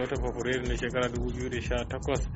ga watan fabrairu na shekara 2018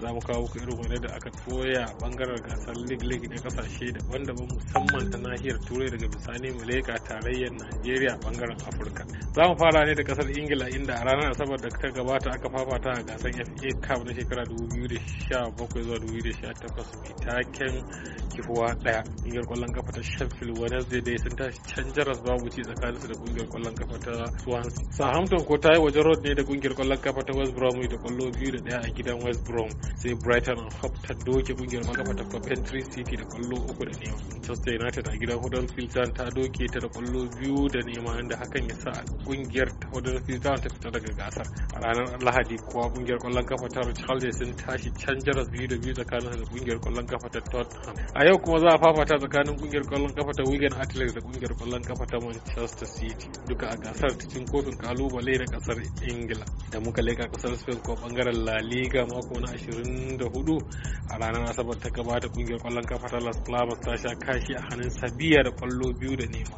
za mu kawo ku irin da aka toya bangaren gasar league league na kasashe daban-daban musamman ta nahiyar turai daga bisani mu tarayyar najeriya bangaren afirka za mu fara ne da kasar ingila inda a ranar asabar da ta gabata aka fafata a gasar fa cup na shekara 2017 zuwa 2018 mai taken kifuwa daya kungiyar kwallon kafa ta sheffield wednesday dai sun tashi can jaras babu ci tsakaninsu da kungiyar kwallon kafa ta swansea southampton ko ta yi wajen road ne da kungiyar kwallon kafa ta west bromwich da kwallo biyu da daya a gidan west brom sai brighton hope ta doke kungiyar magaba ta coventry city da kwallo uku da nema manchester united a gidan huddersfield town ta doke ta da kwallo biyu da nema inda hakan ya sa kungiyar huddersfield town ta fita daga gasar a ranar lahadi kuwa kungiyar kwallon kafa ta charles sun tashi can jaras biyu da biyu tsakanin da kungiyar kwallon kafa ta tottenham a yau kuma za a fafata tsakanin kungiyar kwallon kafa ta wigan athletic da kungiyar kwallon kafa ta manchester city duka a gasar cikin kofin kalubale na kasar ingila da muka leka kasar spain ko bangaren la liga mako na ashirin 24 a ranar asabar ta gabata kungiyar kwallon kafa ta las palmas ta sha kashi a hannun sabiya da kwallo biyu da nema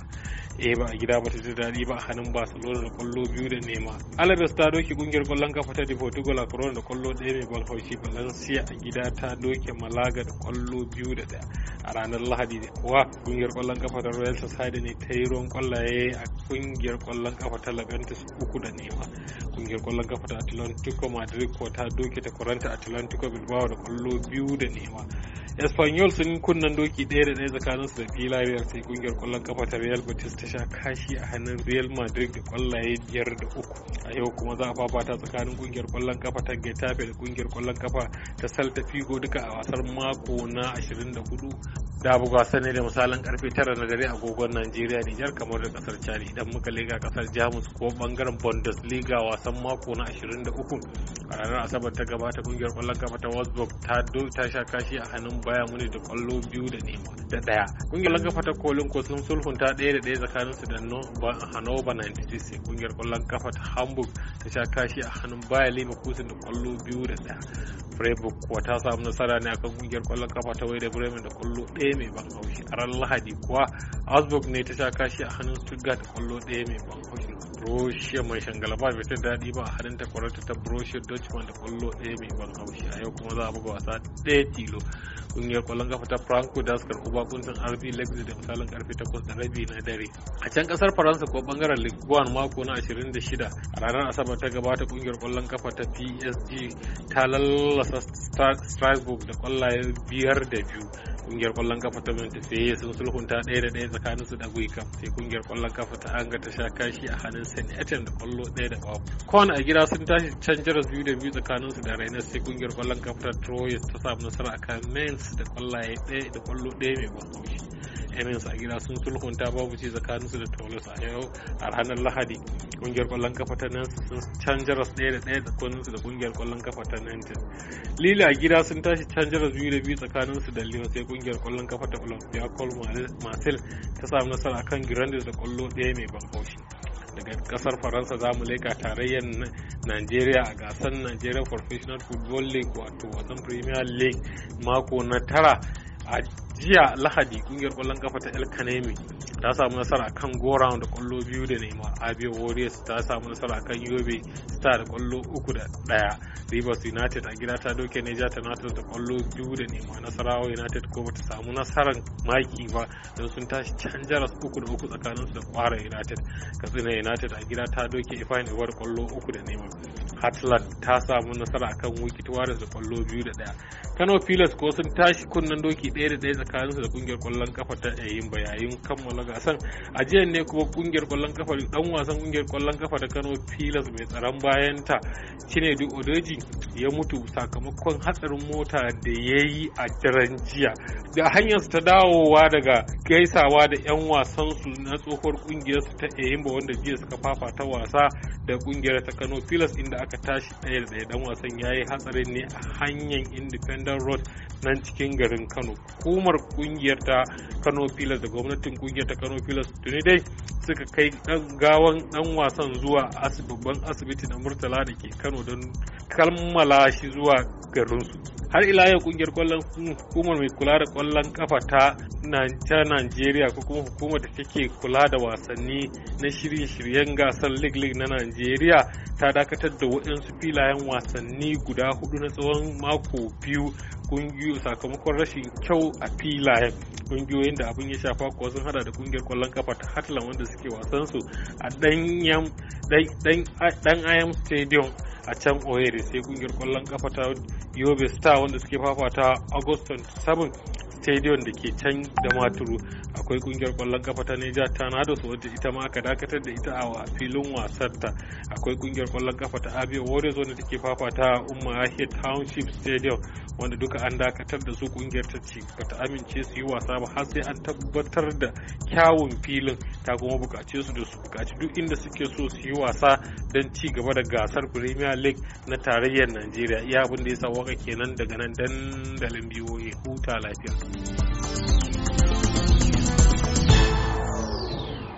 eh ba a gida ba ta ji daɗi ba a hannun barcelona da kwallo biyu da nema alabes ta doke kungiyar kwallon kafa ta deportivo la corona da kwallo ɗaya mai bal haushi valencia a gida ta doke malaga da kwallo biyu da ɗaya a ranar lahadi da kuwa kungiyar kwallon kafa ta royal society ne ta yi ruwan kwallaye a kungiyar kwallon kafa ta leventus uku da nema kungiyar kwallon kafa ta atlantico madrid ko ta doke ta koranta atletico bilbao da kwallo biyu da nema espanyol sun kunnan doki ɗaya da ɗaya su da villarreal sai kungiyar kwallon kafa ta real betis ta sha kashi a hannun real madrid da kwallaye biyar da uku a yau kuma za a fafata tsakanin kungiyar kwallon kafa ta getafe da kungiyar kwallon kafa ta celta figo duka a wasar mako na 24 da buga ne da misalin karfe 9 na dare agogon Najeriya Nijar kamar da kasar Chad idan muka lega kasar Jamus ko bangaren Bundesliga wasan mako na 23 a ranar Asabar ta gabata kungiyar kwallon kafa ta Wolfsburg ta ta sha kashi a hannun Bayern Munich da kwallo biyu da nema da daya kungiyar kwallon kafa ta Kolin ko sun sulhunta daya da daya tsakanin su da Hannover 96 kungiyar kwallon kafa ta Hamburg ta sha kashi a hannun Bayer Leverkusen da kwallo biyu da daya freiburg kuwa ta samu nasara ne akan kungiyar kwallon kafa ta Werder bremen da kwallo ɗaya mai ban haushi a ran lahadi kuwa augsburg ne ta sha kashi a hannun stuttgart kwallo ɗaya mai ban haushi Croatia mai shangala ba bai daɗi ba a hannun ta ta Borussia man da kwallo ɗaya mai ban haushi a yau kuma za a buga wasa ɗaya tilo. Kungiyar kwallon kafa ta Franco da uba uba bakuncin RB Leipzig da misalin karfe takwas da rabi na dare. A can kasar Faransa ko bangaren Liguan mako na ashirin shida a ranar Asabar ta gabata kungiyar kwallon kafa ta PSG ta lallasa Strasbourg da kwallaye biyar da biyu. kungiyar kwallon kafa ta Manchester sun sulhunta daya da ɗaya tsakanin su da guika sai kungiyar kwallon kafa ta Hanga ta sha kashi a hannun St Etienne da kwallo ɗaya da babu. Kwan a gida sun tashi can jaras biyu da biyu tsakanin su da rainer sai kungiyar kwallon kafa ta troy ta samu nasara akan Mainz da kwallaye ɗaya da kwallo ɗaya mai ban haushi. a gida sun sulhunta babu ci tsakanin su da Toulouse a yau a ranar Lahadi kungiyar kwallon kafa ta nan can jaras ɗaya da ɗaya tsakanin su da kungiyar kwallon kafa ta nantes lila a gida sun tashi can jaras biyu da biyu tsakanin su da lyon sai kungiyar kwallon kafa ta olympiacos marcel ta samu nasara akan girandis da kwallo ɗaya mai ban haushi daga kasar faransa za mu leka tarayyar nigeria a gasar nigeria professional football league wato wasan premier league mako na tara a jiya lahadi kungiyar kwallon kafa ta el kanemi ta samu nasara kan go round da kwallo biyu da nema abio warriors ta samu nasara kan yobe star da kwallo uku da daya rivers united a gida ta doke ne ta da kwallo biyu da nema nasarawa united ko bata samu nasarar maki ba don sun tashi can jaras uku da uku tsakaninsu da kwara united katsina united a gida ta doke ifeanyi da kwallo uku da nema Heartland ta samu nasara akan Wiki Warriors da kwallo biyu da ɗaya. Kano Pilas ko sun tashi kunnen doki ɗaya da ɗaya su da kungiyar kwallon kafa ta yayin yayin kammala gasan. A jiya ne kuma kungiyar kwallon kafa dan wasan kungiyar kwallon kafa da Kano Pilas mai tsaron bayan bayanta duk Odeji ya mutu sakamakon hatsarin mota da ya yi a daren jiya. Da su ta dawowa daga gaisawa da 'yan wasansu na tsohuwar kungiyarsu ta ba wanda jiya suka fafata wasa da kungiyar ta Kano Pilas inda aka aka tashi ɗaya da ɗaya dan wasan ya yi hatsarin ne a hanyar independent road nan cikin garin kano hukumar kungiyar ta kano pilas da gwamnatin kungiyar ta kano pilas tuni dai suka kai gawan dan wasan zuwa babban asibiti na murtala da ke kano don kammala shi zuwa garinsu har ila yau kungiyar kwallon hukumar mai kula da kwallon kafa ta nigeria ko kuma hukumar da take kula da wasanni na shirye-shiryen gasar League League na nigeria. ta dakatar da waɗansu filayen wasanni guda hudu na tsawon mako biyu kungiyo sakamakon rashin kyau a filayen kungiyoyin da abin ya shafa kuwa sun hada da kungiyar kwallon kafa ta hatlan wanda suke wasansu a dan ayam stadium a can oyere sai kungiyar kwallon kafa ta yobe star wanda suke fafata augustan 7 stadium da ke can da maturu akwai kungiyar kwallon kafa ta Niger ta nado su wadda ita ma aka dakatar da ita a filin ta akwai kungiyar kwallon kafa ta abia warriors wanda take fafata umma ahia township stadium wanda duka an dakatar da su kungiyar ta ce bata amince su yi wasa ba har sai an tabbatar da kyawun filin ta kuma bukace su da su bukaci duk inda suke so su yi wasa don ci gaba da gasar premier league na tarayyar najeriya iya abin da ya sa waka kenan daga nan dandalin biyu ya huta lafiya